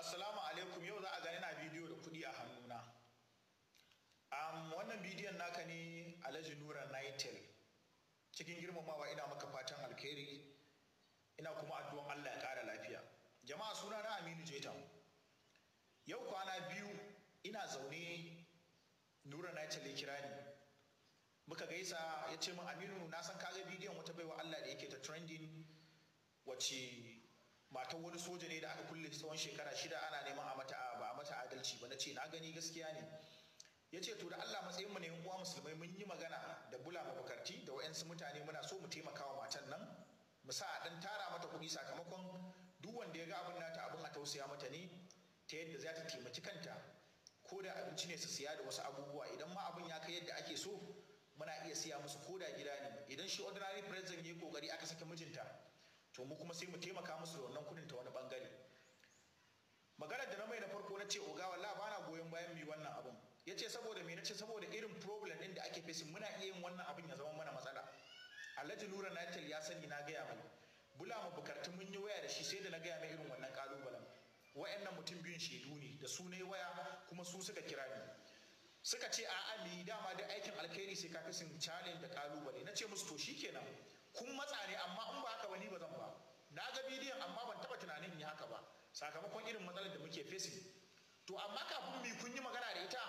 assalamu alaikum yau za a ga yana bidiyo da kuɗi a hannuna um, wannan bidiyon naka ne alhaji nura nitel cikin girmamawa ina maka fatan alkhairi ina kuma addu'an allah ya ƙara lafiya jama'a suna na aminu jeta yau kwana biyu ina zaune nura nitel ya kira ni muka gaisa ya ce min aminu na san ka ga bidiyon wata baiwa allah da yake ta trending wacce matan wani soja ne da aka kulle tsawon shekara shida ana neman a mata ba a mata adalci ba na ce na gani gaskiya ne ya ce to da Allah matsayin mu ne yan uwa musulmai mun yi magana da bula mabukarti da wayansu mutane muna so mu taimaka wa matan nan mu sa dan tara mata kuɗi sakamakon duk wanda ya ga abin nata abin a tausaya mata ne ta yadda za ta taimaki kanta ko da abinci ne su siya da wasu abubuwa idan ma abin ya kai yadda ake so muna iya siya musu ko da gida ne idan shi ordinary president ya yi kokari aka saki mijinta to mu kuma sai mu taimaka musu da wannan kudin ta wani bangare maganar da na mai na farko na ce oga walla ba na goyon bayan yi wannan abun ya ce saboda me na ce saboda irin problem din da ake fesin muna iya yin wannan abin ya zama mana matsala alhaji nura natal ya sani na gaya mai bula mu bukartu mun yi waya da shi sai da na gaya mai irin wannan kalubalen wa'annan mutum biyun shaidu ne da su ne waya kuma su suka kira ni suka ce a'a me dama da aikin alkhairi sai ka sun challenge da kalubale na ce musu to shikenan kun matsa ne amma in ba haka ba ni ba zan ba na ga bidiyon amma ban taba tunanin in yi haka ba sakamakon irin matsalar da muke fesi to amma kafin mu kun yi magana da ita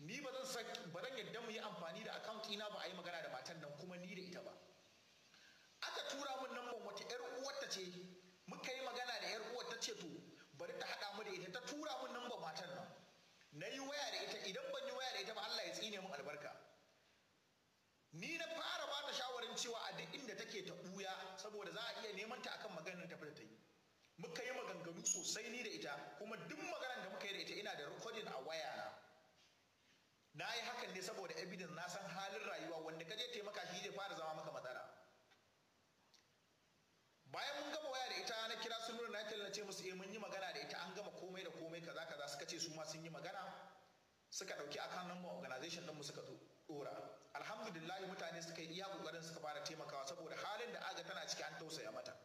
ni ba zan ba zan yadda mu yi amfani da account ina ba a yi magana da matan nan kuma ni da ita ba aka tura mun nan wata yar ta ce muka yi magana da yar uwar ta ce to bari ta haɗa mu da ita ta tura mun nan matan nan na yi waya da ita idan ban yi waya da ita ba Allah ya tsine mu albarka ni na fara cewa a duk inda take ta buya saboda za a iya neman ta akan maganar tafi da ta yi muka yi maganganu sosai ni da ita kuma duk maganar da muka yi da ita ina da rikodin a waya na na yi hakan ne saboda evidence na san halin rayuwa wanda ka je taimaka shi zai fara zama maka matsala bayan mun gama waya da ita na kira su nuna na na ce musu eh mun yi magana da ita an gama komai da komai kaza kaza suka ce su ma sun yi magana suka dauki akan number organization din mu suka zo ɗora alhamdulillah mutane suka yi iya kokarin suka fara taimakawa saboda halin da aga tana ciki an tausaya mata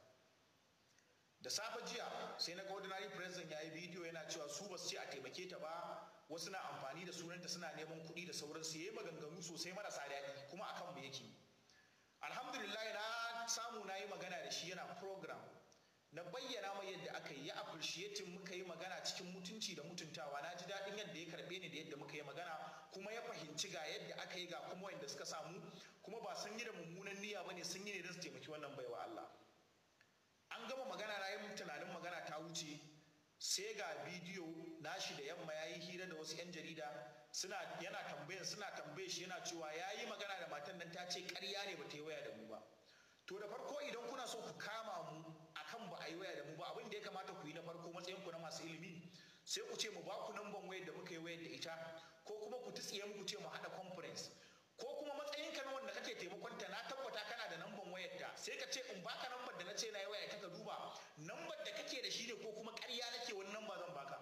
da safe jiya sai na ordinary president ya yi bidiyo yana cewa su basu ce a taimake ta ba wasu na amfani da sunanta suna neman kuɗi da sauransu ya yi maganganu sosai marasa daɗi kuma akan mu yake alhamdulillah na samu na yi magana da shi yana program na bayyana mai yadda aka yi ya appreciate muka yi magana cikin mutunci da mutuntawa na ji daɗin yadda ya karɓe ni da yadda muka yi magana kuma ya fahimci ga yadda aka yi ga kuma wanda suka samu kuma ba sun yi da mummunan niyya bane sun yi ne don su taimaki wannan baiwa Allah an gama magana na yin tunanin magana ta wuce sai ga bidiyo nashi da yamma yayi hira da wasu 'yan jarida suna yana tambayan suna tambaye shi yana cewa ya yi magana da matan nan ta ce ƙarya ne ba ta yi waya da mu ba to da farko idan kuna so ku kama mu yi waya da mu ba abin da ya kamata ku yi na farko matsayin ku na masu ilimi sai ku ce mu ba ku namban wayar da muka yi wayar da ita ko kuma ku tsiye mu ku ce mu haɗa conference ko kuma matsayin ka na wanda kake taimakon ta na tabbata kana da namban wayar ta sai ka ce in baka namban da na ce na yi waya ka duba namban da kake da shi ne ko kuma ƙarya nake wani namba zan baka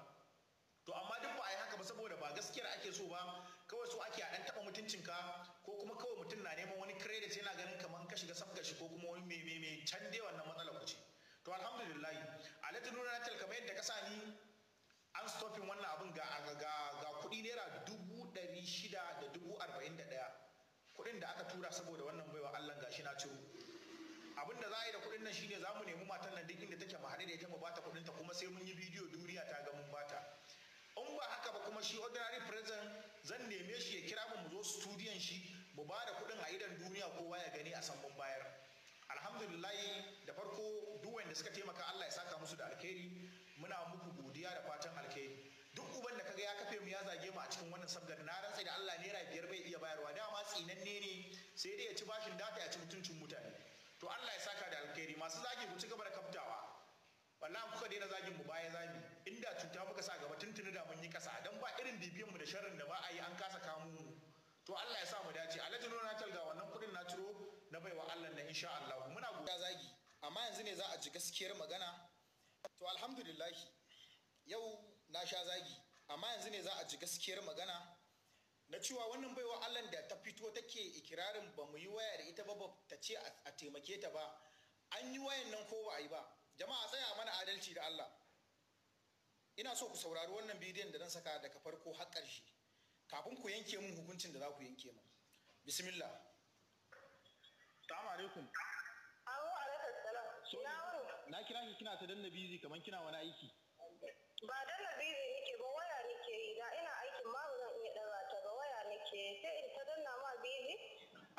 to amma duk ba a yi haka ba saboda ba gaskiyar ake so ba kawai so ake a dan taba mutuncinka ko kuma kawai mutum na neman wani credit yana ganin kamar ka shiga sabga shi ko kuma wani mai mai can dai wannan matsalar ku ce to alhamdulillah latin nuna na kamar yadda kasa ni an stopin wannan abin ga ga kuɗi naira dubu dari shida da dubu arba'in da daya. kuɗin da aka tura saboda wannan baiwa allah gashi na ciro abin da za a yi da kuɗin nan shine za mu nemi matan nan duk inda take mu haɗe da ita mu bata kudin ta kuma sai mun yi bidiyo duniya ta ga mun bata in ba haka ba kuma shi ordinary president zan neme shi ya kira mu mu zo studiyon shi mu bada da kuɗin a idan duniya kowa ya gani a san mun bayar alhamdulillahi da farko duk wanda suka taimaka Allah ya saka musu da alkhairi muna muku godiya da fatan alkhairi duk uban da kaga ya kafe mu ya zage mu a cikin wannan sabgar na rantsa da Allah naira biyar bai iya bayarwa dama tsinanne ne sai dai ya ci bashin data ya ci mutuncin mutane to Allah ya saka da alkhairi masu zagi ku ci gaba da kaftawa wallahi kuka daina zagin mu baya zami inda cuta muka sa gaba tuntuni da mun yi kasa dan ba irin bibiyan mu da sharrin da ba a yi an kasa kamu mu to Allah ya sa mu dace alajin na talga wannan kudin na ciro na baiwa Allah na insha Allah muna godiya zagi amma yanzu ne za a ji gaskiyar magana to alhamdulillahi yau na sha zagi amma yanzu ne za a ji gaskiyar magana na cewa wannan baiwa Allah da ta fito take ikirarin ba mu yi waya da ita ba ta ce a taimake ta ba an yi wayan nan ko ba a yi ba jama'a tsaya mana adalci da Allah ina so ku saurari wannan bidiyon da zan saka daga farko har ƙarshe kafin ku yanke mun hukuncin da za ku yanke mun bismillah alaikum. Awo alaikum salam. So, na kira ki kina ta danna busy kaman kina wani aiki. Ba danna busy nake ba waya nake yi da ina aikin babu zan iya ɗaga ta ba waya nake sai in ta danna ma bizi.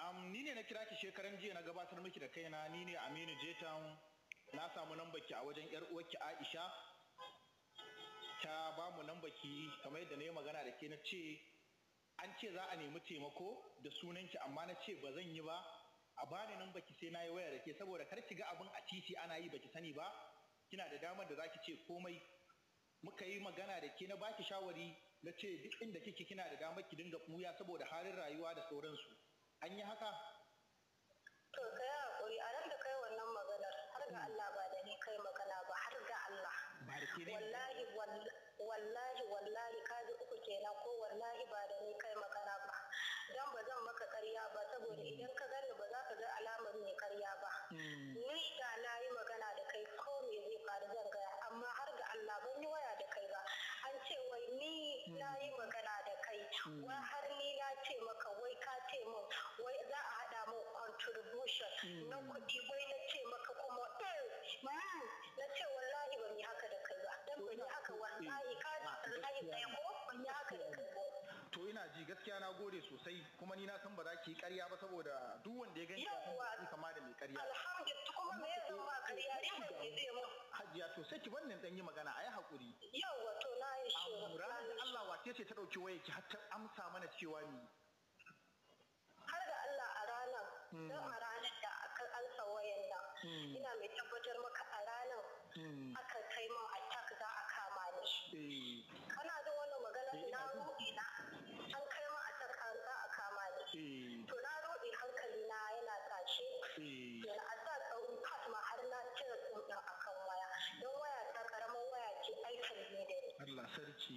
Um, ni ne na kira ki shekaran jiya na gabatar miki da kaina ni ne Aminu Jetan na samu lambar ki a wajen yar uwarki Aisha ta ba mu lambar ki kamar yadda na yi magana da ke na ce an ce za a nemi taimako da sunanki amma na ce ba zan yi ba a bani nan baki sai na yi waya da ke saboda kar ki ga abin a titi ana yi baki sani ba kina da damar da zaki ce komai muka yi magana da ke na baki shawari na ce duk inda kike kina da damar ki dinga ɓuya saboda halin rayuwa da sauransu an yi haka to kai hakuri a nan da kai wannan maganar har ga Allah ba da ni kai magana ba har ga Allah wallahi wallahi wallahi kaji uku kenan ko wallahi ba da ni kai magana ba dan ba zan maka karya ba saboda idan ka gani ni da na yi magana da kai ko me zai faru zan gaya amma har ga Allah ban yi waya da kai ba an ce wai ni na yi magana da kai mm. wai har ni na ce maka wai ka ce min wai za a haɗa min contribution mm. na kuɗi wai na ce maka kuma eh, na ce wallahi ban yi haka da kai ba dan ban yi haka eh, wallahi ka wallahi ɗaya ko ban yi haka da kai ina ji gaskiya na gode sosai kuma ni na san ba za ki yi ƙarya ba saboda duk wanda ya gani ya san ki kama da mai ƙarya alhamdulillah kuma me ya zama ƙarya riba ke zai mu hajiya to sai ki wannan dan yi magana ayi hakuri yawa to na yi shiru ranar da Allah wace ce ta dauki waya ki har amsa mana cewa ni har da Allah a ranar hmm. dan a ranar da aka alsa wayan da hmm. ina mai tabbatar যাচ্ছি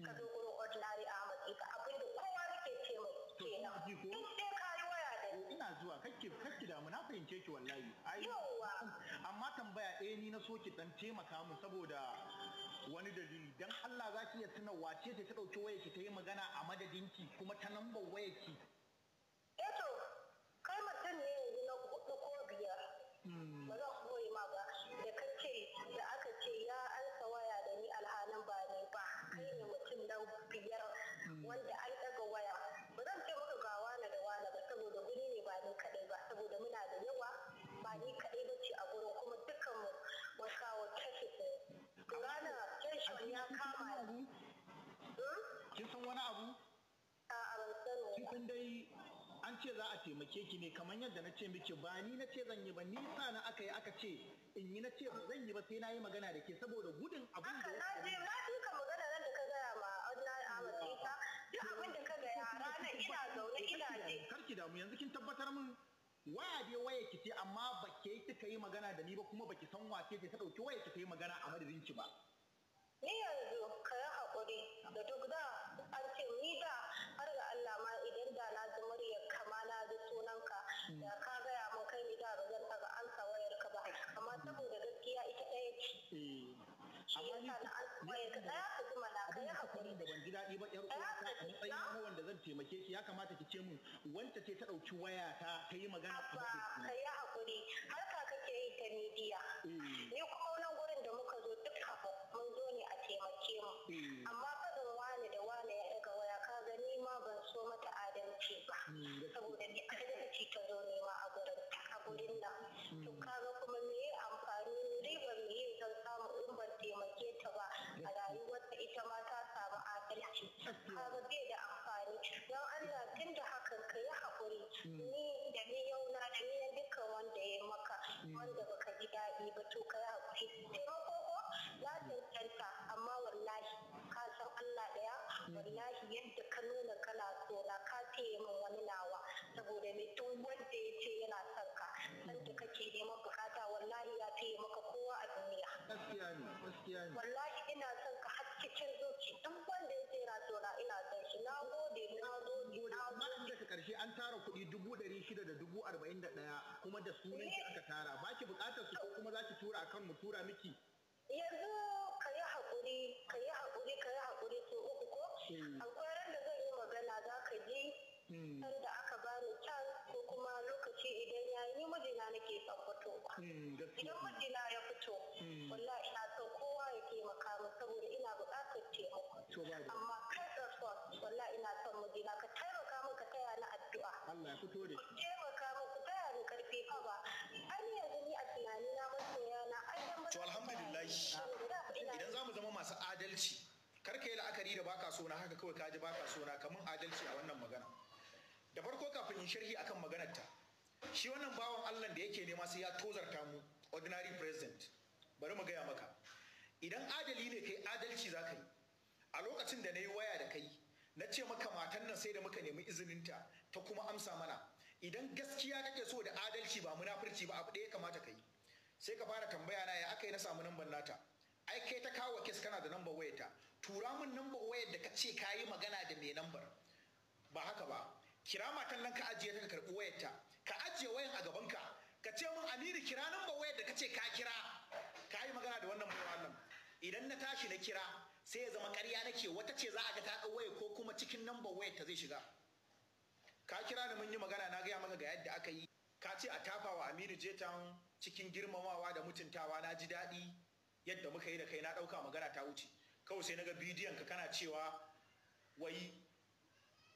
ka zo hmm. gurin ordinary Ahmad Isa eh, abinda kowa nake ce mai kenan duk dai ka waya da ni eh, ina zuwa kakki kake damu na fahimce ki wallahi ai amma tambaya ɗaya ni na so ki dan taimaka mu, saboda wani dalili dan Allah za ki iya tuna wace ce ta dauki wayarki ta yi magana a madadinki kuma ta lambar wayarki wanda an ɗaga waya ba zan ce maka ga wane da wane ba saboda guri ne ba ni kaɗai ba saboda muna da yawa ba ni kaɗai ba ce a gurin kuma dukkan mu mun kawo tafi to ranar tension ya kama ni. Hmm? Kin san wani abu? A'a ban sani. Kin san dai an ce za a taimake ki ne kamar yadda na ce miki ba ni na ce zan yi ba ni sa na aka yi aka ce in yi na ce ba zan yi ba sai na yi magana da ke saboda gudun abin da ya Malam ina zaune ina ji. Karki damu yanzu kin tabbatar min waya dai waya ki ce amma ba ke ta yi magana da ni ba kuma baki san wace ce ta dauki waya ki ta yi magana a madadin ki ba. Ni yanzu ka yi haƙuri da duk da an ce ni da har ga Allah ma idan da na ji muryar kama na ji sunanka da mm. ka gaya min kai ni da ba zan taɓa ansa wayarka ba amma saboda gaskiya ita ɗaya ce. Eh. amma ni abin da ban ji daɗi ba yar uwata a matsayin na wanda zan taimake ki ya kamata ki ce mun wanta ce ta ɗauki waya ta ta yi magana a ba ka yi hakuri harka kake yi ta midiya eh. ni kuma wannan gurin da muka zo duk haka mun zo ne a taimake mu eh. amma kazan wani da wani ya ɗaga waya ka gani ma ban so mata adalci ba hmm, saboda ni adalci ta zo nema a gurin nan hmm. to kaga daɗi ba to ka yi taimako ko ya amma wallahi ka san Allah ɗaya mm. wallahi yadda ka nuna kana tsora ka taya min wani nawa saboda mai duk wanda ya ce yana son ka san da kake neman bukata wallahi ya taya maka kowa a duniya. Gaskiya ne. ƙarshe an tara kuɗi dubu ɗari shida da dubu arba'in da ɗaya kuma da sunan ki aka tara ba ki buƙatar su ko kuma za ki tura akan mu tura miki. Yanzu ka yi haƙuri ka yi haƙuri ka yi haƙuri so uku ko. Hmm. Akwai ran da zan yi magana za ka je. Har hmm. da aka bani can ko kuma lokaci idan ya yi mijina nake son fito. Hmm, idan mijina ya fito. Wallah ina son kowa ya taimaka min saboda ina buƙatar taimako. Amma kai son wallah ina son mijina ka tara Allah ya fito da shi taimaka muku fa ba an yanzu ni a tunani na masoya na an to alhamdulillah idan za mu zama masu adalci kar ka yi la'akari da baka so na haka kawai ka ji baka so na adalci a wannan magana da farko kafin in sharhi akan maganar ta shi wannan bawan Allah da yake nema sai ya tozarta mu ordinary president bari mu gaya maka idan adali ne kai adalci za ka yi a lokacin da na yi waya da kai na ce maka matan nan sai da muka nemi izinin ta ta kuma amsa mana idan gaskiya kake so da adalci ba munafurci ba abu ɗaya kamata ka yi sai ka fara tambaya na ya aka yi na samu namban nata ai kai ta kawo kes kana da nambar wayar ta tura min nambar wayar da ka ce ka yi magana da mai nambar ba haka ba kira matan nan ka ajiye ta ka karɓi wayar ta ka ajiye wayan a gaban ka ka ce min amiri kira nambar wayar da ka ce ka kira ka yi magana da wannan mutum nan idan na tashi na kira sai ya zama ƙarya nake wata ce za a ga ta waya ko kuma cikin nambar wayar ta zai shiga ka kira ni mun yi magana na gaya maka ga yadda aka yi ka ce a tafa wa Aminu Jetan cikin girmamawa da mutuntawa na ji daɗi yadda muka yi da kai na ɗauka magana ta wuce kawai sai naga bidiyon ka kana cewa wai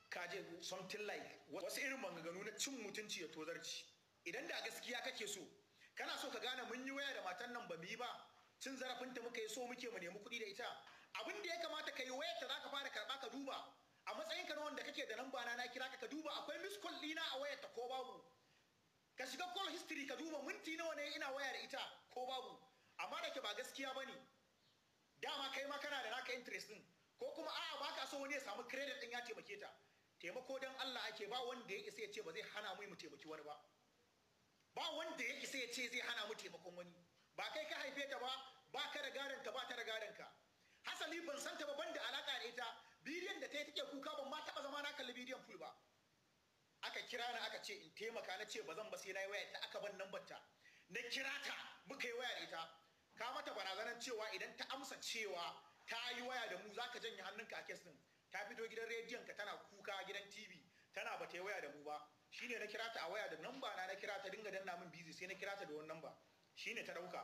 ka je something like wasu irin maganganu na cin mutunci ya tozarci idan da gaskiya kake so kana so ka gane mun yi waya da matan nan ba mu yi ba cin zarafinta muka yi so muke mu nemi kuɗi da ita abin da ya kamata ka yi wayarta za ka fara karɓa ka duba a matsayinka na wanda kake da lamba na na kira ka ka duba akwai miss call dina a wayar ta ko babu ka shiga call history ka duba minti nawa ne ina wayar ita ko babu amma da ke ba gaskiya bane dama kai ma kana da naka interest din ko kuma a'a baka so wani ya samu credit din ya taimake ta taimako dan Allah ake ba wanda ya isa ya ce ba zai hana mu mu taimaki wani ba ba wanda ya isa ya ce zai hana mu taimakon wani ba kai ka haife ta ba ba ka da garanta ta ba ta da garanka ka hasali ban san ta ba banda alaka da ita bidiyon da ta yi take kuka ban ma taba zama na kalli bidiyon full ba aka kira ni aka ce in taimaka na ce ba zan ba sai na yi waya ta aka ban nambar ta na kira ta muka yi waya da ita ka mata barazanar cewa idan ta amsa cewa ta yi waya da mu zaka janye hannunka a kes din ta fito gidan rediyon ka tana kuka gidan tv tana ba ta yi waya da mu ba shine na kira ta a waya da namba na na kira ta dinga danna min busy sai na kira ta da wani namba shine ta dauka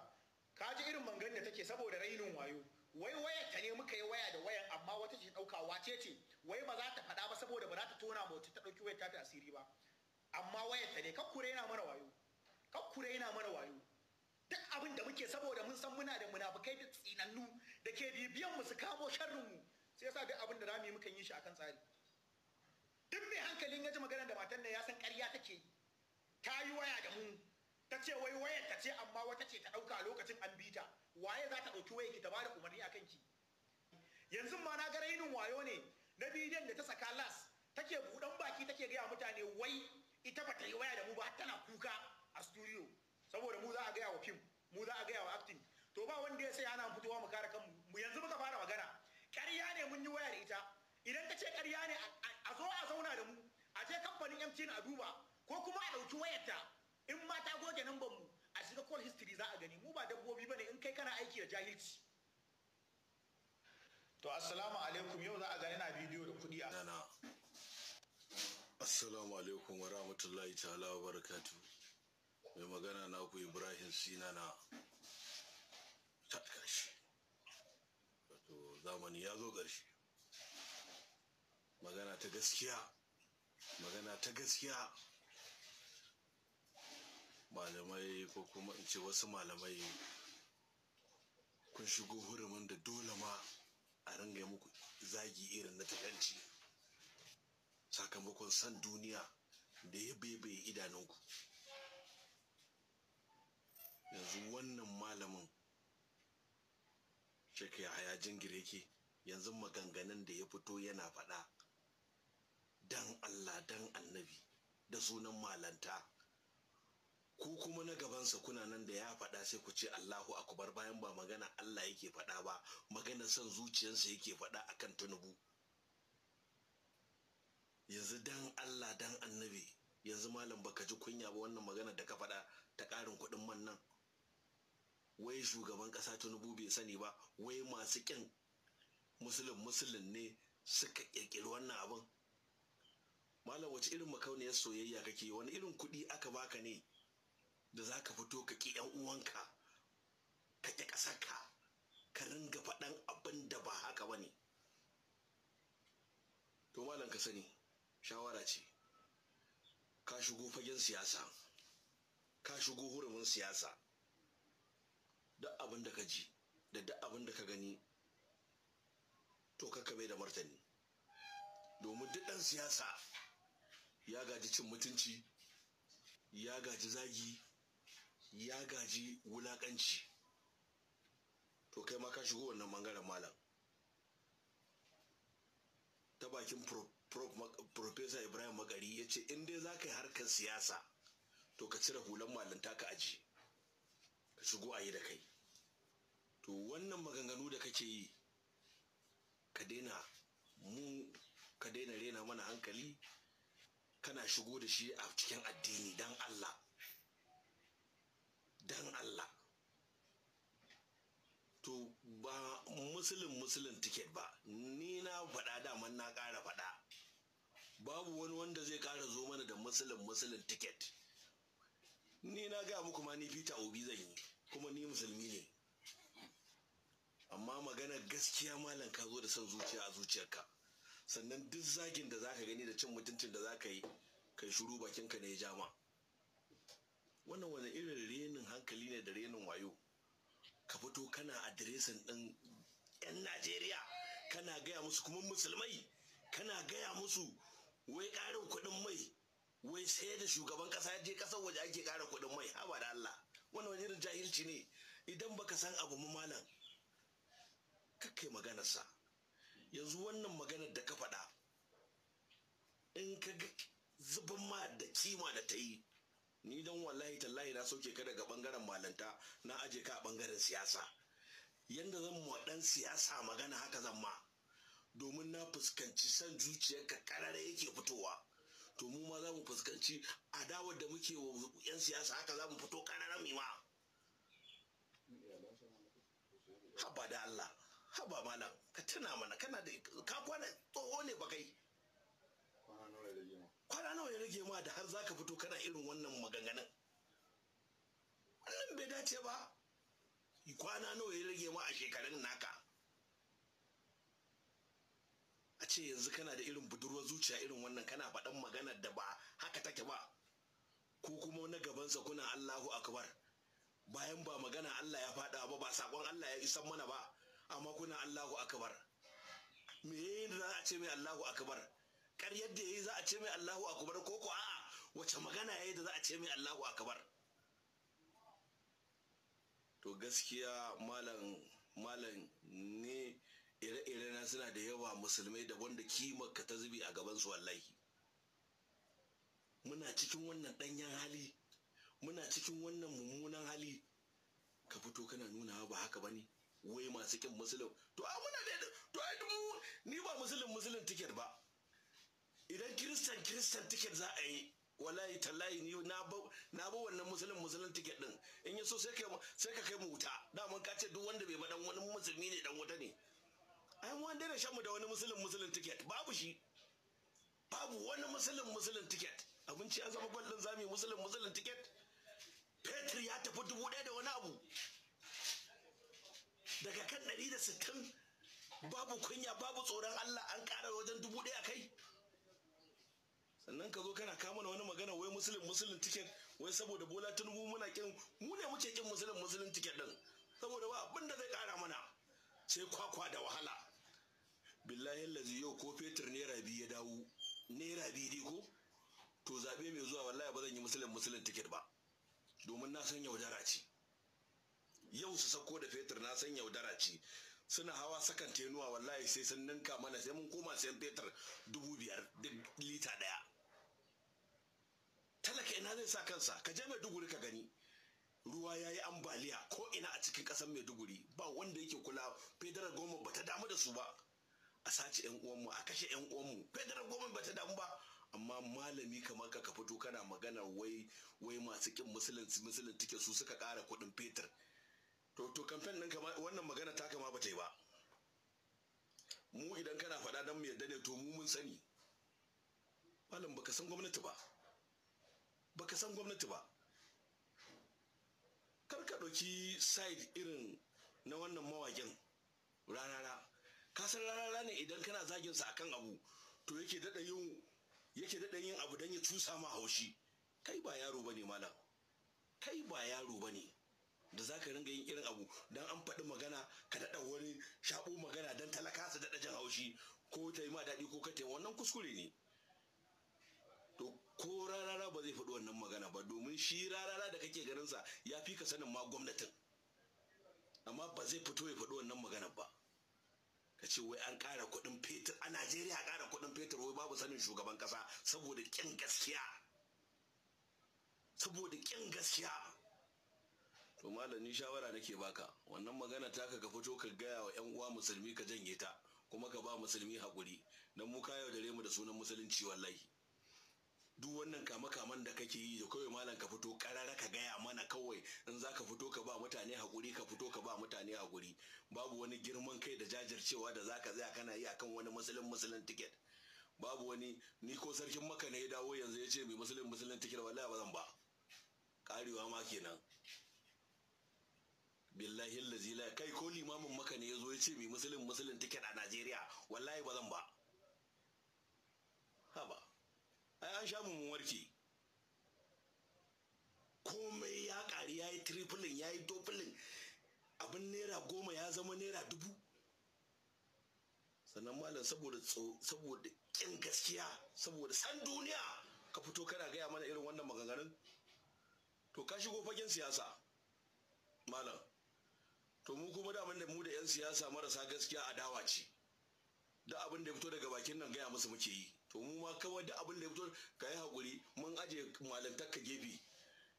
ka ji irin mangan da take saboda rainin wayo wai waya ta ne muka yi waya da wayan amma wata ce dauka wace ce wai ba za ta faɗa ba saboda ba za ta tona ma ta dauki wayar ta asiri ba amma wayar ta ne kan kure yana mana wayo Kan kure yana mana wayo duk abin da muke saboda mun san muna da munafukai da tsinannu da ke bibiyan mu su kamo sharrin mu sai yasa duk abin da rami yi mukan yi shi akan tsari duk mai hankalin ya ji magana da matan nan ya san ƙarya take ta yi waya da mu ta ce wai wayar ta ce amma wata ce ta ɗauka lokacin an bi ta waye za ta ɗauki wayar ki ta bada umarni a ki yanzu ma na ga rainin wayo ne na bidiyon da ta saka las take buɗan baki take gaya mutane wai ita ba ta yi waya da mu ba tana kuka a studio saboda mu za a gaya wa fim mu za a gaya wa acting to ba wanda ya sai ana fitowa mu kare kanmu mu yanzu muka fara magana ƙarya ne mun yi waya da ita idan ta ce ƙarya ne a zo a zauna da mu a je kamfanin MTN a duba ko kuma a ɗauki wayarta in mata goge nan mu a shiga call history za a gani mu ba dabbobi bane in kai kana aiki da jahilci to assalamu alaikum yau za a gani na bidiyo da kudi a assalamu alaikum wa rahmatullahi ta'ala wa barakatu mai magana na ku ibrahim sina na ta karshe wato zamani ya zo karshe magana ta gaskiya magana ta gaskiya malamai ko kuma in ce wasu malamai kun shigo hurumin da dole ma a ringa muku zagi irin na takanci sakamakon san duniya da ya bebe idanunku yanzu wannan malamin shekai hayajin Gireke, yanzu maganganun da ya fito yana faɗa dan allah dan annabi da sunan malanta ku kuma na gabansa kuna nan da ya faɗa sai ku ce Allahu akbar bayan ba magana Allah yake faɗa ba magana son zuciyarsa yake faɗa akan tunubu yanzu dan Allah dan annabi yanzu malam baka ji kunya ba wannan magana da ka faɗa ta ƙarin kuɗin man nan wai shugaban ƙasa tunubu bai sani ba wai masu ƙin musulun musulun ne suka ƙirƙiri wannan abin malam wace irin makauniyar soyayya kake wani irin kuɗi aka baka ne da za ka fito ka ƙi yan uwanka ka ƙi ƙasarka ka ringa faɗan abin da ba haka ba ne to malam ka sani shawara ce ka shigo fagen siyasa ka shigo hurumin siyasa duk abin da ka ji da duk abin da ka gani to ka kame da martani domin duk ɗan siyasa ya gaji cin mutunci ya gaji zagi ya gaji wulakanci to kai ma ka shigo wannan bangaren malam ta bakin Profesa Ibrahim Makari ya ce in dai za ka yi harkar siyasa to ka cire hulan malinta ka aji ka shigo a yi da kai to wannan maganganu da kake yi ka daina mu ka daina rena mana hankali kana shigo da shi a cikin addini dan musulun musulun tiket ba ni na faɗa daman na ƙara faɗa babu wani wanda zai ƙara zo mana da musulun musulun tiket ni na ga muku ma ni peter obi zan yi kuma ni musulmi ne amma magana gaskiya malam ka zo da son zuciya a zuciyarka sannan duk zagin da zaka gani da cin mutuncin da zaka yi kai shuru bakinka ne ya jama wannan wani irin renin hankali ne da renin wayo ka fito kana adiresin ɗin 'yan najeriya kana gaya musu kuma musulmai kana gaya musu wai karin kudin mai wai sai da shugaban ƙasa je kasar waje ake kara kudin mai haba da Allah wannan wani irin jahilci ne idan baka san abu mu malam kakai maganarsa yanzu wannan maganar da ka faɗa in ka ga zubin ma da kima da ta yi ni don wallahi tallahi na sauke ka daga bangaren malanta na aje ka a bangaren siyasa yadda zan mu dan siyasa magana haka zan ma domin na fuskanci san zuciyarka karara yake fitowa to mu ma za mu fuskanci adawar da muke wa 'yan siyasa haka za mu fito karara mai ma haba da Allah haba mana ka tuna mana kana da ka kwana tsoho ne ba kai kwana nawa ya rage ma da har za ka fito kana irin wannan maganganun wannan bai dace ba kwana nawa ya rage ma a shekarun naka a ce yanzu kana da irin budurwar zuciya irin wannan kana faɗan maganar da ba haka take ba ko kuma na gabansa kuna Allahu akbar bayan ba magana Allah ya faɗa ba ba saƙon Allah ya isan mana ba amma kuna Allahu akbar me za a ce mai Allahu akbar yadda ya yi za a ce mai Allahu akbar ko ko a'a wace magana ya yi da za a ce mai Allahu akbar to gaskiya malam malam ne ire-ire na suna da yawa musulmai da wanda kimar ka ta zubi a gaban su wallahi muna cikin wannan danyen hali muna cikin wannan mummunan hali ka fito kana nuna ba haka ba ne? wai masu kin musulun to a muna da to ai mu ni ba musulun musulun tiket ba idan kiristan kiristan tiket za a yi wallahi tallahi ni na ba na ba wannan musulun musulun ticket din in yaso sai kai sai ka kai mu wuta Da mun kace duk wanda bai ba dan wani musulmi ne dan wata ne ai mu wanda daina shan mu da wani musulun musulun ticket babu shi babu wani musulun musulun ticket abinci an zama gwal din zami musulun musulun ticket fetur ya tafi dubu ɗaya da wani abu daga kan ɗari da sittin babu kunya babu tsoron Allah an ƙara wajen dubu ɗaya kai sannan ka zo kana kama wani magana wai musulun musulun tiket wai saboda bola tinubu muna kin mu ne muke kin musulun musulun tiket din saboda ba abin da zai kara mana sai kwakwa da wahala billahi allazi yau ko fetur naira biyu ya dawo naira biyu dai ko to zaɓe mai zuwa wallahi ba zan yi musulun musulun tiket ba domin na san yaudara ce yau su sako da fetur na san yaudara ce suna hawa sakan tenuwa wallahi sai sun ninka mana sai mun koma sayan fetur dubu biyar duk lita daya ina zai sa kansa ka je maiduguri ka gani ruwa ya yi ambaliya ko ina a cikin ƙasar maiduguri ba wanda yake kula federal goma ba ta damu da su ba a sace yan uwanmu a kashe yan uwanmu federal goma ba ta damu ba amma malami kamar ka ka fito kana magana wai wai masu kin musulunci musulun tike su suka ƙara kuɗin fetur to to kamfen ɗin wannan magana ta kama ba ta yi ba mu idan kana faɗa dan mu yadda ne to mu mun sani malam baka san gwamnati ba baka san gwamnati ba kar ka ɗauki side irin na wannan mawakin ranara ka san ranara ne idan kana zagin sa akan abu to yake daɗa yin yake daɗa yin abu dan ya tusa ma haushi kai ba yaro bane malam kai ba yaro bane da zaka ringa yin irin abu dan an faɗi magana ka daɗa wani shaɓo magana dan talaka su daɗa jin haushi ko ta yi ma daɗi ko ka ta wannan kuskure ne ko rarara ba zai faɗi wannan magana ba domin shi rarara da kake ganinsa ya fi ka sanin ma gwamnatin amma ba zai fito ya faɗi wannan magana ba ka ce wai an ƙara kuɗin fetur a najeriya ƙara kuɗin fetur wai babu sanin shugaban ƙasa saboda ƙin gaskiya saboda ƙin gaskiya to malami shawara nake baka wannan magana ta ka fito ka gaya wa 'yan uwa musulmi ka janye ta kuma ka ba musulmi hakuri don mu ka yaudare mu da sunan musulunci wallahi duk wannan kama-kaman da kake yi da kawai malam ka fito karara ka gaya mana kawai in za ka fito ka ba mutane haƙuri ka fito ka ba mutane haƙuri babu wani girman kai da jajircewa da za ka tsaya kana yi akan wani musulun musulun tiket babu wani ni ko sarkin maka ne ya dawo yanzu ya ce mai musulun musulun tiket wallahi ba zan ba karewa ma kenan billahi lazila kai ko limamin maka ne ya zo ya ce mai musulun musulun tiket a najeriya wallahi ba zan ba an sha mu mun warke komai ya ƙari ya yi tripling ya yi doubling abin naira goma ya zama naira dubu sannan malam saboda saboda kin gaskiya saboda san duniya ka fito kana gaya mana irin wannan maganganun to ka shigo fagen siyasa malam to mu kuma da da mu da 'yan siyasa marasa gaskiya dawa ce da abin da ya fito daga bakin nan gaya musu muke yi to mu ma kawai da abin da ya fito ka yi hakuri mun aje malantar ka gefe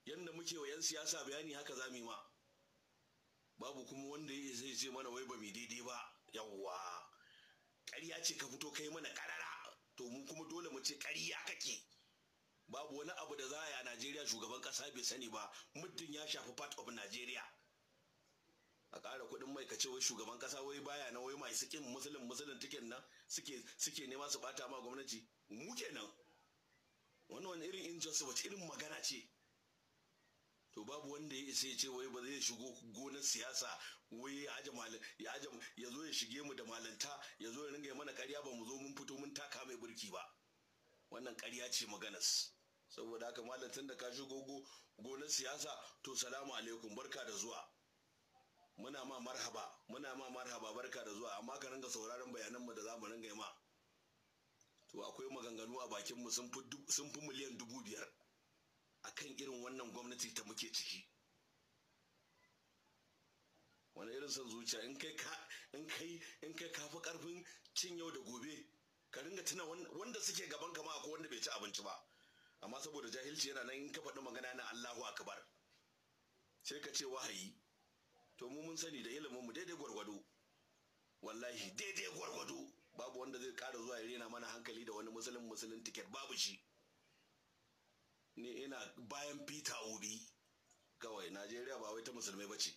yadda muke wa 'yan siyasa bayani haka za mu yi ma babu kuma wanda ya zai ce mana wai ba mu daidai ba yawwa karya ce ka fito kai mana ƙarara to mu kuma dole mu ce ƙarya kake babu wani abu da za a yi a najeriya shugaban ƙasa bai sani ba muddin ya shafi part of najeriya a ƙara kuɗin mai ka ce wai shugaban ƙasa wai baya na wai masu ƙin musulun musulun tikin nan suke suke nema su bata ma gwamnati mu kenan wannan wani irin injustice wace irin magana ce to babu wanda ya isa ya ce wai ba zai shigo gonar siyasa wai ya aje ya aje ya zo ya shige mu da malanta ya zo ya ringa mana ƙarya ba mu zo mun fito mun taka mai burki ba wannan ƙarya ce maganas saboda haka malam tun da ka shigo gonar siyasa to salamu alaikum barka da zuwa muna ma marhaba muna ma marhaba barka da zuwa amma ka ringa sauraron bayananmu da za mu ringa yi ma to akwai maganganu a bakinmu sun fi miliyan dubu biyar a kan irin wannan gwamnati ta muke ciki wani irin son zuciya in kai ka in kai in kai ka fi karfin cin yau da gobe ka ringa tuna wanda suke gaban ka ma ko wanda bai ci abinci ba amma saboda jahilci yana nan in ka faɗi magana na Allahu akbar sai ka ce wahayi to mu mun sani da ilimin mu daidai gwargwado wallahi daidai gwargwado babu wanda zai kara zuwa ya rena mana hankali da wani musulun musulun tiket babu shi ni ina bayan peter obi kawai najeriya ba wai ta musulmai ba ce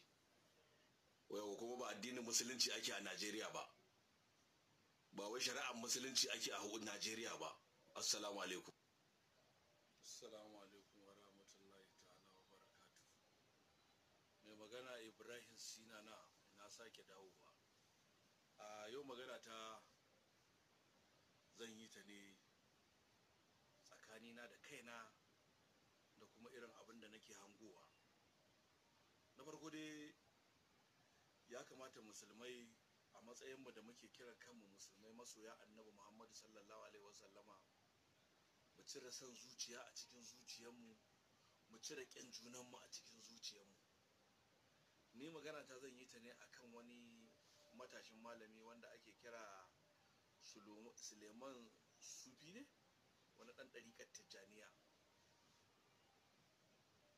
kuma ba addinin musulunci ake a najeriya ba ba wai shari'ar musulunci ake a najeriya ba assalamu alaikum assalamu a yau magana ta zan yi ta ne tsakanina da kaina da kuma irin abin da nake hangowa na farko dai ya kamata musulmai a matsayinmu da muke kiran kanmu musulmai masoya annabi muhammadu sallallahu alaihi wasallama mu cire son zuciya a cikin zuciyarmu mu cire ƙin junanmu a cikin zuciyarmu ni magana ta zan yi ta ne akan wani matashin malami wanda ake kira suleiman sufi ne wani ɗan ɗariƙar tijjaniya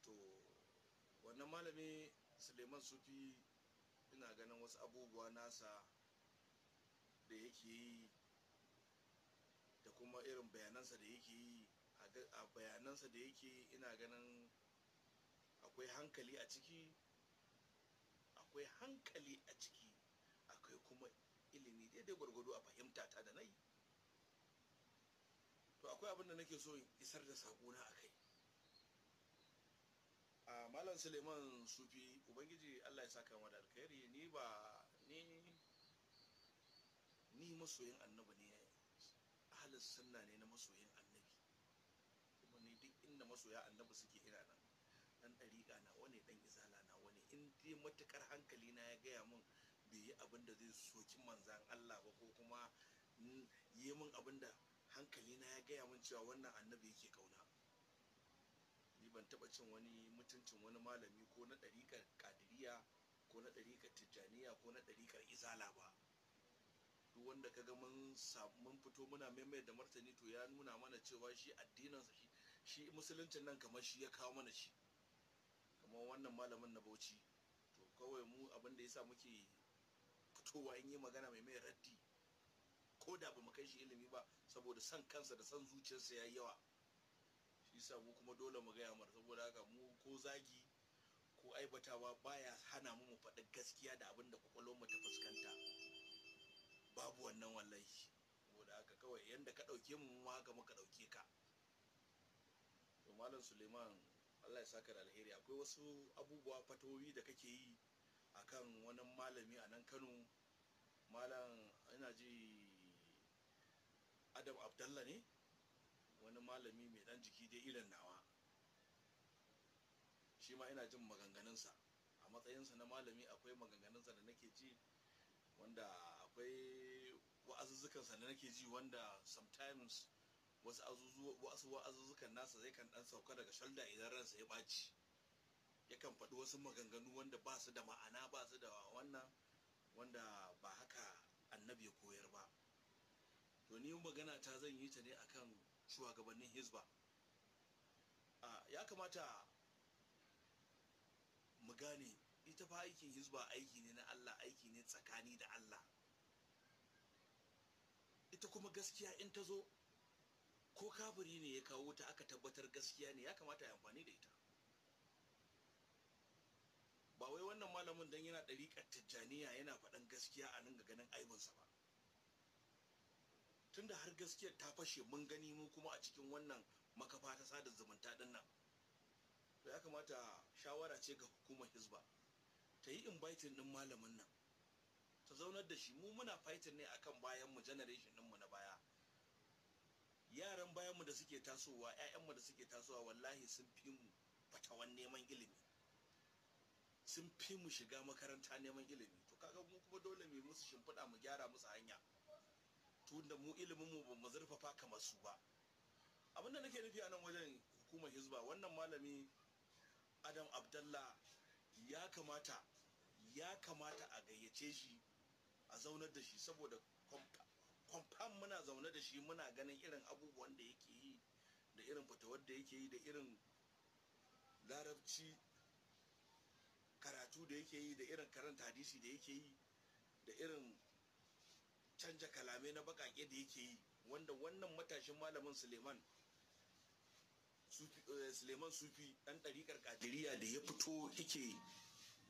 to wannan malami suleiman sufi ina ganin wasu abubuwa nasa da yake yi da kuma irin bayanansa da yake yi a bayanansa da yake yi ina ganin akwai hankali a ciki akwai hankali a ciki dai gwargwado a fahimta ta da nayi to akwai abin da nake so isar da sakona a kai a malam suleiman sufi ubangiji allah ya saka da alkhairi ni ba ni ni masoyin annabi ne ahalin sunna ne na masoyin annabi kuma ni duk inda masoya annabi suke ina nan dan ɗariƙa na wani dan izala na wani in dai matukar hankali na ya gaya mun. bai yi abin da zai soki manzan Allah ba ko kuma yi min abin da hankali na ya gaya min cewa wannan annabi yake kauna ni ban taɓa cin wani mutuncin wani malami ko na ɗariƙar ƙadiriya ko na ɗariƙar tijjaniya ko na ɗariƙar izala ba duk wanda kaga mun mun fito muna maimai da martani to ya nuna mana cewa shi addininsa shi shi musuluncin nan kamar shi ya kawo mana shi kamar wannan malamin na bauchi to kawai mu abin da yasa muke fitowa in yi magana mai mai raddi ko da ba mu kai shi ilimi ba saboda san kansa da san zuciyarsa ya yi yawa shi sa mu kuma dole mu gaya mara saboda haka mu ko zagi ko aibatawa baya hana mu mu faɗi gaskiya da abin da mu ta fuskanta babu wannan wallahi saboda haka kawai yanda ka ɗauke mu mu haka muka ɗauke ka to malam suleiman allah ya saka da alheri akwai wasu abubuwa fatowi da kake yi akan wani malami a nan kano malam ina ji adam abdallah ne wani malami mai dan jiki dai irin nawa shi ma ina jin maganganunsa a matsayinsa na malami akwai maganganunsa da nake ji wanda akwai wa'azuzzukansa da nake ji wanda sometimes wasu wa'azuzzukan nasa zai kan dan sauka daga shalda idan ransa ya ɓaci yakan faɗi wasu maganganu wanda ba su da ma'ana ba su da wannan wanda ba haka annabi ya koyar ba to ni magana ta zan yi ta ne akan shugabannin hizba ya kamata mu gane ita fa aikin hizba aiki ne na Allah aiki ne tsakani da Allah ita kuma gaskiya in ta zo ko kafiri ne ya kawo ta aka tabbatar gaskiya ne ya kamata ya amfani da ita ba wai wannan malamin dan yana ɗariƙar tijjaniya yana faɗan gaskiya a nan ga ganin aibinsa ba tunda har gaskiyar ta fashe mun gani mu kuma a cikin wannan makafa ta sada zumunta ɗin nan to ya kamata shawara ce ga hukumar Hisba. ta yi inviting din malamin nan ta zaunar da shi mu muna fighting ne akan bayan mu generation mu na baya yaran bayan mu da suke tasowa ƴaƴan mu da suke tasowa wallahi sun fi mu fatawan neman ilimi sun fi mu shiga makaranta neman ilimi to kaga mu kuma dole mu musu shimfiɗa mu gyara musu hanya tunda mu ilimin mu bamu zurfafa kamar su ba abin da nake nufi a nan wajen hukumar hizba wannan malami adam abdallah ya kamata ya kamata a gayyace shi a zaunar da shi saboda kwamfan muna zaune da shi muna ganin irin abubuwan da yake yi da irin fitowar da yake yi da irin larabci karatu da yake yi da irin karanta hadisi da yake yi da irin canja kalamai na bakake da yake yi wanda wannan matashin malamin suleiman eh, suleiman sufi ɗan ɗariƙar ƙadiriya da ya fito yake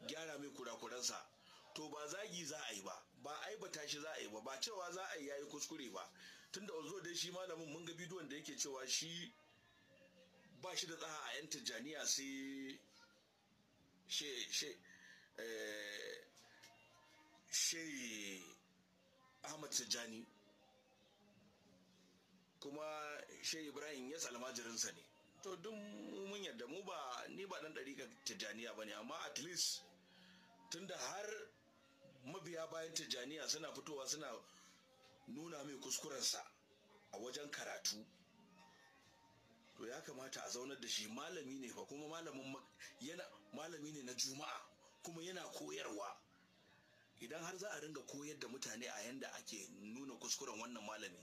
gyara mai kurakuransa to ba zagi za a yi ba ba ai ba shi za a yi ba ba cewa za a yi yayi kuskure ba tunda ozo dai shi malamin mun ga bidiyon da yake cewa shi ba shi da tsaha a yan tijjaniya sai şey ahmad tijjani kuma shehi ibrahim ya almajirinsa ne to duk mun yarda mu ba ni ba dan ɗariƙa tijjaniya ba ne amma at least tunda har mabiya bayan tijjaniya suna fitowa suna nuna mai kuskurensa a wajen karatu to ya kamata a zaunar da shi malami ne fa kuma malamin yana malami ne na juma'a kuma yana koyarwa idan har za a ringa koyar da mutane a yanda ake nuna kuskuren wannan malami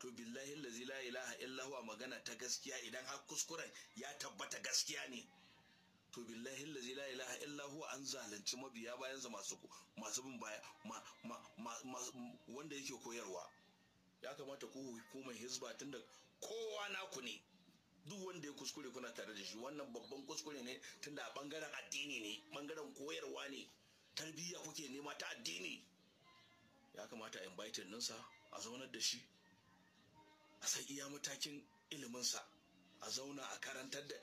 to billahi lazi la ilaha illahu a magana ta gaskiya idan har kuskuren ya tabbata gaskiya ne to billahi lazi la ilaha illahu an zalunci mabiya zama su masu bin baya wanda yake koyarwa ya kamata ku hukumar hizba da kowa naku ne duk wanda ya kuskure kuna tare da shi wannan babban kuskure ne tunda a bangaren addini ne bangaren koyarwa ne tarbiyya kuke nema ta addini ya kamata a invite ninsa a zaunar da shi a san iya matakin iliminsa a zauna a karantar da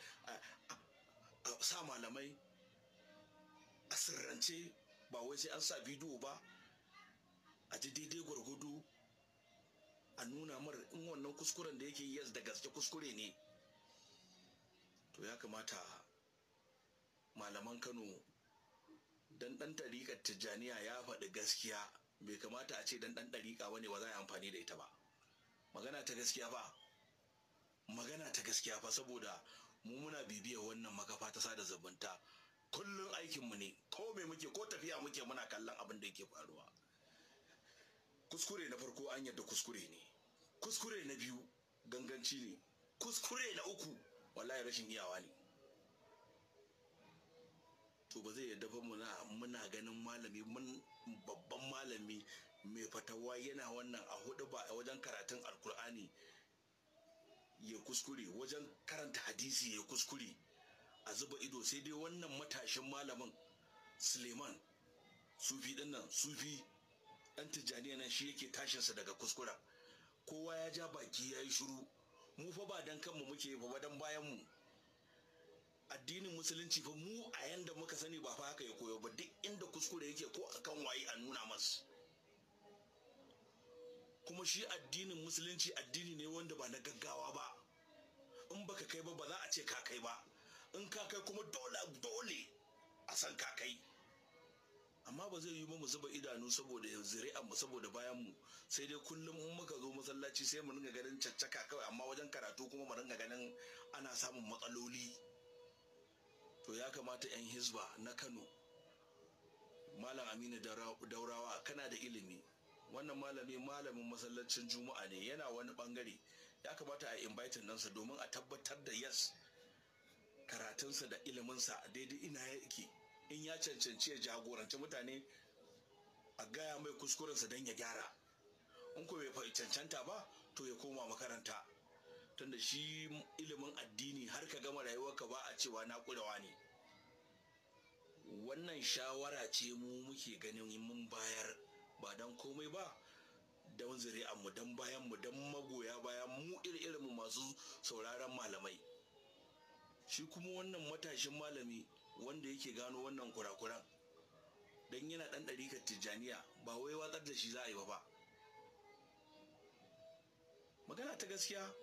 a sa malamai a sirrance ba wai sai an sa bidiyo ba a ji daidai gwargwado a nuna mara in wannan kuskuren da yake yanzu da gaske kuskure ne to ya kamata malaman kano dan dan ɗariƙar tijjaniya ya faɗi gaskiya bai kamata a ce dan dan ɗariƙa ba ne ba za a yi amfani da ita ba magana ta gaskiya ba magana ta gaskiya fa saboda mu muna bibiyar wannan makafa ta sada zumunta kullum aikinmu ne ko me muke ko tafiya muke muna kallon abin da yake faruwa kuskure na farko an yadda kuskure ne kuskure na biyu ganganci ne kuskure na uku wallahi rashin iyawa ne to ba zai yadda fa muna muna ganin malami mun babban malami mai fatawa yana wannan a hudu ba wajen karatun alkur'ani ya kuskure wajen karanta hadisi ya kuskure a zuba ido sai dai wannan matashin malamin suleiman sufi din nan sufi dan tijjaniya nan shi yake tashinsa daga kuskura kowa ya ja baki ya yi shiru mu fa ba dan kanmu muke ba dan bayan mu addinin musulunci fa mu a yanda muka sani ba fa haka ya koyo ba duk inda kuskure yake ko a kan waye a nuna masu kuma shi addinin musulunci addini ne wanda ba na gaggawa ba in baka kai ba ba za a ce ka kai ba in ka kai kuma dole dole a san ka kai amma ba zai yi ma mu zuba idanu saboda zuri'an mu saboda bayan mu sai dai kullum in muka zo masallaci sai mu ringa ganin caccaka kawai amma wajen karatu kuma mu ringa ganin ana samun matsaloli to ya kamata 'yan hizba na kano malam aminu daurawa kana da ilimi wannan malami malamin masallacin juma'a ne yana wani bangare ya kamata a invite nansa domin a tabbatar da yes karatunsa da iliminsa daidai ina yake in ya cancanci ya jagoranci mutane a gaya mai kuskurensa don ya gyara in ko bai cancanta ba to ya koma makaranta tunda shi ilimin addini har ka gama ka ba a cewa na kurewa ne wannan shawara ce mu muke ganin mun bayar ba don komai ba don zuri'anmu don bayanmu don magoya bayan mu iri-irinmu masu sauraron malamai shi kuma wannan matashin malami wanda yake gano wannan kurakuran don yana ɗan ɗarikar tijjaniya ba wai watsar da shi za a yi ba ba magana ta gaskiya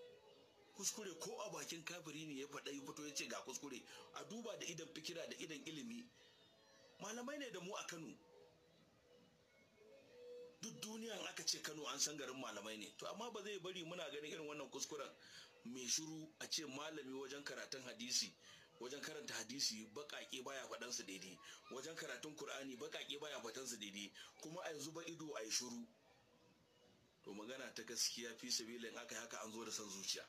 kuskure ko a bakin kafiri ne ya faɗa ya fito ya ce ga kuskure a duba da idan fikira da idan ilimi malamai ne da mu a kano duk duniyan aka ce kano an san garin malamai ne to amma ba zai bari muna ganin irin wannan kuskuren mai shiru a ce malami wajen karatun hadisi wajen karanta hadisi baƙaƙe baya faɗan su daidai wajen karatun Kur'ani baƙaƙe baya faɗan su daidai kuma a zuba ido a yi shiru to magana ta gaskiya fi sabilin aka haka an zo da san zuciya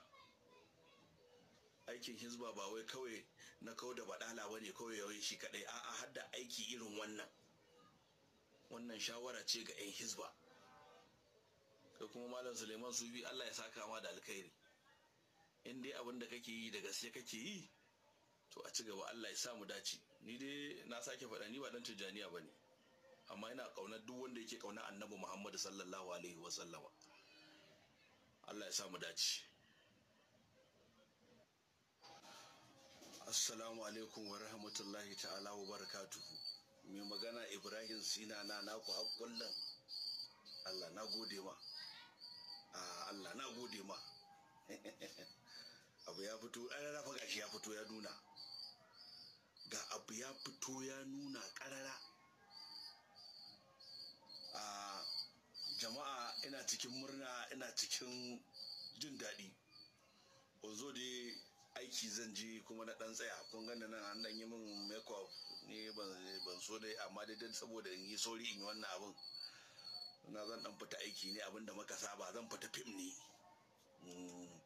aikin hizba ba wai kawai na kau da badala ba ne kawai yawai shi kadai a'a har da aiki irin wannan wannan shawara ce ga 'yan hizba kai kuma malam suleiman su bi allah ya saka kama da alkhairi in dai abin da kake yi da sai kake yi to a ci gaba Allah ya samu dace ni dai na sake faɗa ni ba dan tijaniya bane amma ina ƙaunar duk wanda yake ƙaunar annabi Muhammadu sallallahu alaihi wa sallama Allah ya samu dace Assalamu alaikum wa rahmatullahi ta'ala wa barakatuhu mai magana Ibrahim Sina na naku ku hakullan Allah na gode ma Allah na gode ma abu ya fito ɗan rafa gashi ya fito ya nuna ga abu ya fito ya nuna ƙarara a jama'a ina cikin murna ina cikin jin daɗi ozo dai aiki zan je kuma na ɗan tsaya kun gane nan an ɗan yi min makeup ne ban so dai amma dai saboda in yi sauri in yi wannan abin na zan ɗan fita aiki ne da muka saba zan fita fim ne hmm,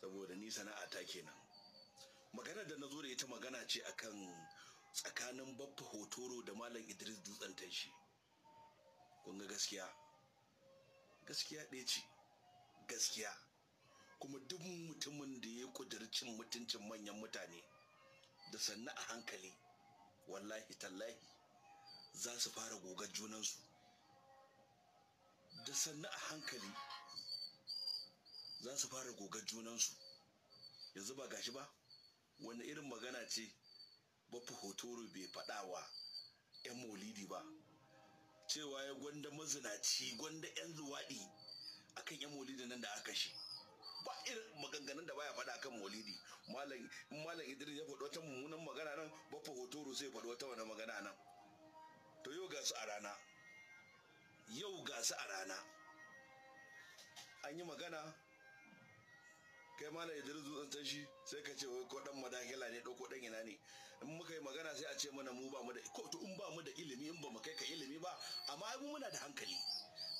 saboda ni sana'a ta kenan magana da na zo da ita magana ce akan tsakanin baffa hotoro da malam idris dutsen tashi kun ga gaskiya gaskiya ɗaya ce gaskiya kuma duk mutumin da ya cin mutuncin manyan mutane da sannu a hankali wallahi tallahi za su fara gogar junansu da sannu a hankali za su fara gogar junansu yanzu ba gashi ba wani irin magana ce ba fahotoro bai faɗa wa 'yan maulidi ba cewa ya gwanda mazinaci gwanda 'yan zuwaɗi akan 'yan maulidi nan da aka shi ba irin maganganun da baya faɗa akan maulidi malam malam idris ya faɗi wata mummunan magana nan ba fahotoro sai faɗi wata wani magana nan to yau ga su a rana yau ga su a rana an yi magana kai malam idris dutsen shi sai ka ce wai in muka yi magana sai a ce mana mu ba mu da ko to in ba mu da ilimi in ba mu kai ka ilimi ba amma ai mu muna da hankali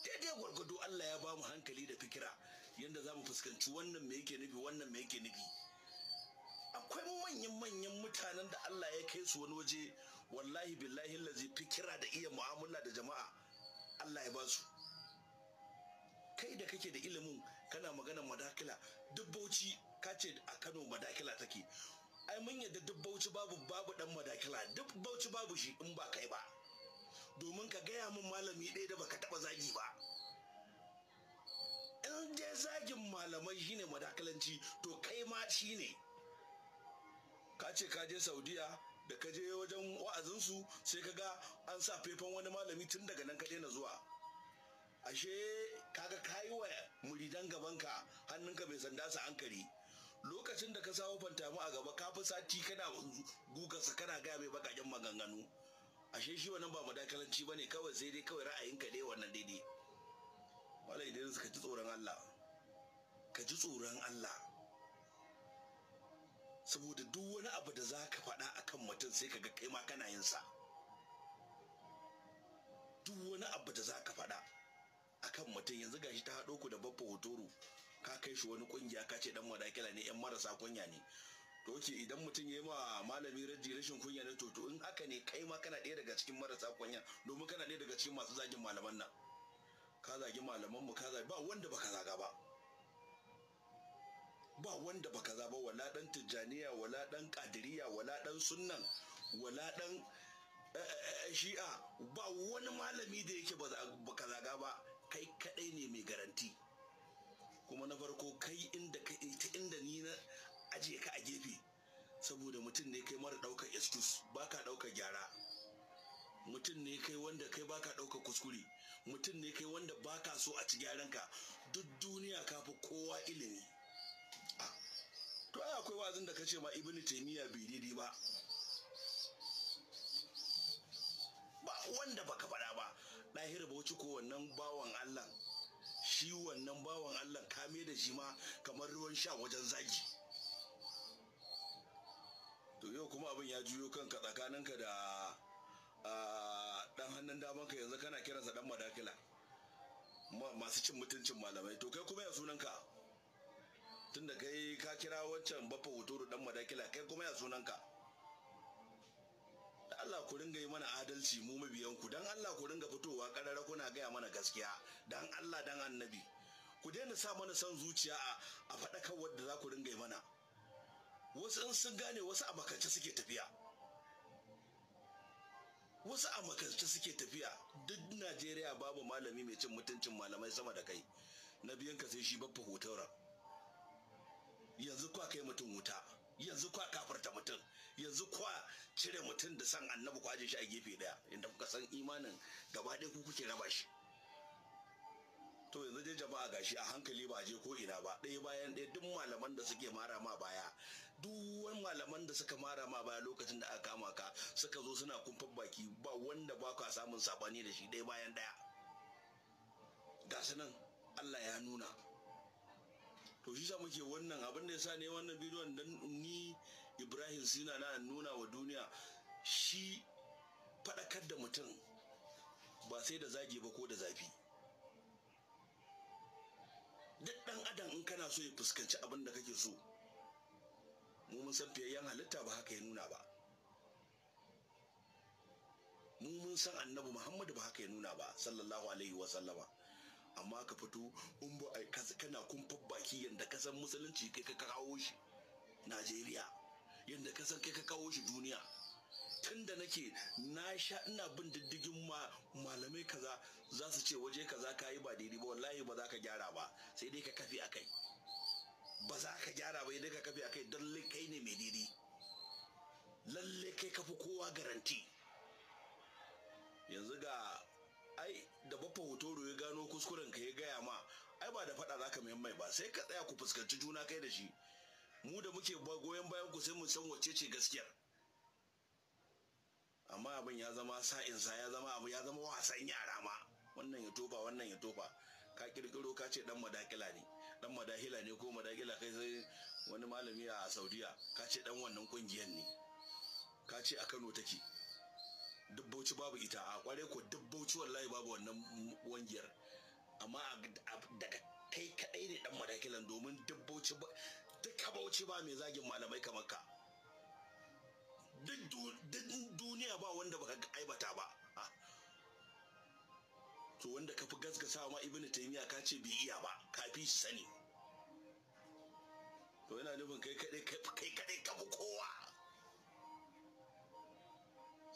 daidai gwargwado Allah ya ba mu hankali da fikira yanda za mu fuskanci wannan me yake nufi wannan me yake nufi akwai manyan manyan mutanen da Allah ya kai su wani waje wallahi billahi lazi fikira da iya mu'amala da jama'a Allah ya ba su kai da kake da ilimin kana magana madakila duk bauchi ka a Kano madakila take ai mun yadda duk bauchi babu babu dan madakila duk bauchi babu shi in ba kai ba domin ka gaya min malami ɗaya da baka taba zagi ba in dai zagin malamai shine madakilanci to kai ma shine ka ce ka je saudiya da ka je wajen wa'azinsu sai ka ga an sa faifan wani malami tun daga nan ka daina zuwa ashe kaga kayi wa muridan gabanka hannunka bai sanda su hankali lokacin da ka samu fantamu a gaba ka fi sati kana su kana gaya mai bakakin maganganu ashe shi wannan ba madakalanci ba ne kawai sai dai kawai ra'ayin ka dai wannan daidai wala idan ka ji tsoron Allah ka ji tsoron Allah saboda duk wani abu da za ka faɗa akan mutum sai ka ga kai ma kana yin sa duk wani abu da za ka faɗa akan mutum yanzu gashi ta haɗo ku da babba hotoro ka kai shi wani kungiya ka ce dan wadakila ne yan marasa kunya ne to ke idan mutum ya yi ma malami raddi rashin kunya ne to to in haka ne kai ma kana ɗaya daga cikin marasa kunya domin kana ɗaya daga cikin masu zagin malaman nan ka zagi malaman mu ka zagi ba wanda baka zaga ba ba wanda baka zaga ba wala dan tijjaniya wala dan kadiriya wala dan sunnan wala dan eh, eh, eh, shi'a ba wani malami da yake baka zaga ba kai kadai ne mai garanti kuma na farko kai inda ka ta inda ni na aje ka a gefe saboda mutum ne kai mara ɗaukar excuse baka daukar gyara mutum ne kai wanda kai baka daukar kuskure mutum ne kai wanda baka so a ci gyaran ka duk duniya ka fi kowa ilimi ah, to ai akwai wazin da ka ce ma ibnu taymiya bai daidai ba ba wanda baka faɗa ba ɗahir bauchi ko wannan bawan allah shi wannan bawan Allah kame da shi ma kamar ruwan sha wajen zagi to yau kuma abin ya juyo kanka tsakaninka da dan hannun damanka yanzu kana kiransa dan madakila masu cin mutuncin malamai to kai kuma ya sunanka tun da kai ka kira wancan bafa hoto dan madakila kai kuma ya sunanka ku ringa yi mana adalci mu mabiyanku dan Allah ku ringa fitowa karara kuna gaya mana gaskiya dan Allah dan annabi ku daina sa mana son zuciya a kan wadda za ku ringa yi mana wasu in sun gane wasu a makance suke tafiya wasu a makance suke tafiya duk najeriya babu malami mai cin mutuncin malamai sama da kai na biyan ka sai shi babba hotora yanzu kwa kai mutum wuta yanzu kwa kafarta mutum yanzu kwa cire mutum da san annabi kwaje shi a gefe daya inda kuka san imanin gaba ɗaya ku kuke raba shi to yanzu dai jama'a gashi a hankali ba je ko ina ba ɗaya bayan ɗaya duk malaman da suke mara ma baya duk wani malaman da suka mara ma baya lokacin da aka kama ka suka zo suna kumfan baki ba wanda ba ka samun sabani da shi ɗaya bayan ɗaya ga nan Allah ya nuna to shi sa muke wannan abin da ya sa ne wannan bidiyon dan ni ibrahim sina na nuna wa duniya shi faɗakar da mutum ba sai da zagi ba ko da zafi duk ɗan adam in kana so ya fuskanci abin da kake so mu mun san fiyayyen halitta ba haka ya nuna ba mu mun san annabi muhammad ba haka ya nuna ba sallallahu alaihi wa sallama amma ka fito in ba kana kumfa baki yadda ka musulunci kai ka kawo shi najeriya yadda ka kai ka kawo shi duniya tun da nake na sha ina bin diddigin malamai kaza za su ce waje kaza ka yi ba daidai ba wallahi ba za ka gyara ba sai dai ka kafi a kai ba za ka gyara ba dai ka kafi a kai don kai ne mai daidai lalle kai kafi kowa garanti yanzu ga ai da bafa hotoro ya gano kuskuren ka ya gaya ma ai ba da faɗa zaka mai mai ba sai ka tsaya ku fuskanci juna kai da shi mu da muke goyon bayan ku sai mu san wacce ce gaskiyar amma abin ya zama sa ya zama abu ya zama wasan yara ma wannan ya tofa wannan ya tofa ka kirkiro ka ce dan madakila ne dan madahila ne ko madakila kai sai wani malami a saudiya ka ce dan wannan kungiyar ne ka ce a kano take dubbauci babu ita a kware ko dubbauci wallahi babu wannan wangiyar amma daga kai kadai ne dan madakilan domin dabbauci ba duk ba mai zagin malamai kamar ka duk duniya ba wanda baka aibata ba to wanda kafi gasgasa ma ibnu taymiya ka ce bai iya ba ka fi sani to yana nufin kai kadai kai kowa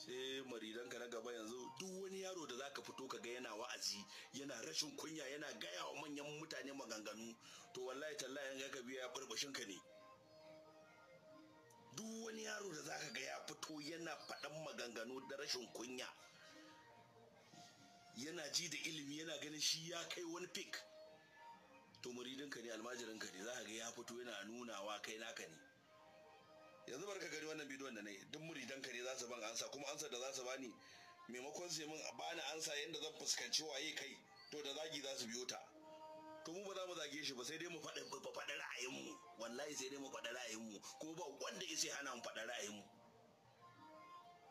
sai maridanka na gaba yanzu duk wani yaro da zaka fito ka ga yana wa'azi yana rashin kunya yana gaya wa manyan mutane maganganu to wallahi tallahi in ka biya barbashin ka ne duk wani yaro da zaka ga ya fito yana faɗan maganganu da rashin kunya yana ji da ilimi yana ganin shi ya kai wani fik to muridinka ne almajirinka ne za ka ga ya fito yana nunawa kai naka ne yanzu barka ka gani wannan bidiyon da na yi duk muridan ka ne za su ban ansa kuma ansa da za su bani maimakon su min bani ansa yadda zan fuskanci waye kai to da zagi za su biyo ta to mu ba za mu zage shi ba sai dai mu faɗi ra'ayin mu wallahi sai dai mu faɗi mu kuma ba wanda ya sai hana mu faɗi mu.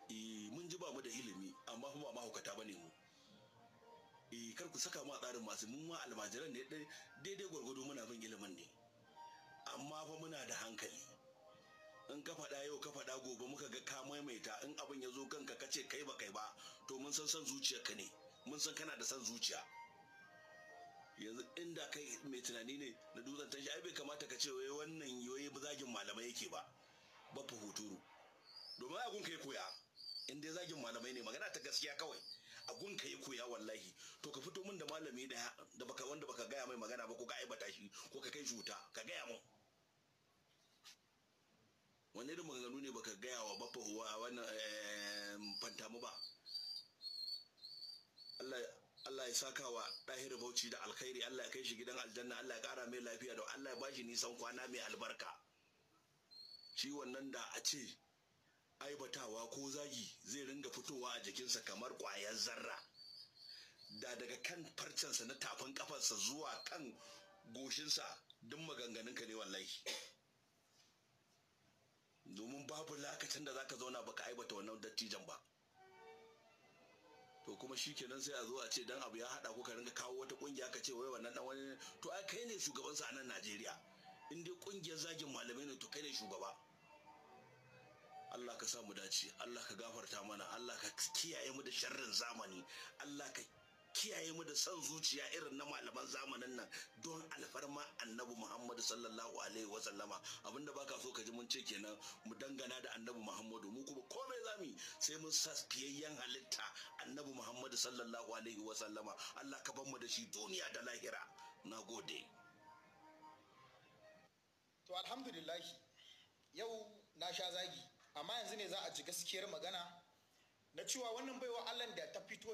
eh mun ji ba mu da ilimi amma kuma ba mahaukata bane mu eh kar ku saka mu a tsarin masu mun ma almajiran ne daidai gwargwado muna bin ilimin ne amma fa muna da hankali in ka faɗa yau ka faɗa gobe muka ga ka maimaita in abin ya zo kanka ka ce kai ba kai ba to mun san san ka ne mun san kana da san zuciya yanzu inda kai mai tunani ne na dutsen tashi ai bai kamata ka ce wai wannan yoyi zagin malamai yake ba ba fa huturu domin agun kai koya in dai zagin malamai ne magana ta gaskiya kawai a ka yi koya wallahi to ka fito min da malami daya da baka wanda baka gaya mai magana ba ko ka aibata shi ko ka kai shi wuta ka gaya mun wani irin maganganu ne baka gaya wa bafa huwa wannan eh, fantamu ba Allah ya saka wa ɗahir bauchi da alkhairi Allah ya kai shi gidan aljanna Allah ya ƙara mai lafiya da Allah ya bashi nisan kwana mai albarka shi wannan da a ce aibatawa ko zagi zai ringa fitowa a jikinsa kamar ƙwayar zarra da daga kan farcensa na tafin kafarsa zuwa kan goshinsa duk maganganunka ne wallahi domin babu lakacin da zaka zauna baka aibata wannan dattijan ba to kuma shi kenan sai a zo a ce dan abu ya hada kuka ringa kawo wata kungiya ka ce wai wannan dan wani to ai kai ne shugaban sa a nan Najeriya in dai kungiyar zagin malamai ne to kai ne shugaba Allah ka sa mu dace Allah ka gafarta mana Allah ka kiyaye mu da sharrin zamani Allah ka kiyaye mu da son zuciya irin na malaman zamanin nan don alfarma annabi muhammadu sallallahu alaihi wa sallama abinda baka so ka ji mun ce kenan mu dangana da annabi muhammadu mu kuma komai zamu sai mun sa halitta annabi muhammadu sallallahu alaihi wa sallama allah ka bar mu da shi duniya da lahira na gode to alhamdulillahi yau na sha zagi amma yanzu ne za a ji gaskiyar magana na cewa wannan baiwa allah da ta fito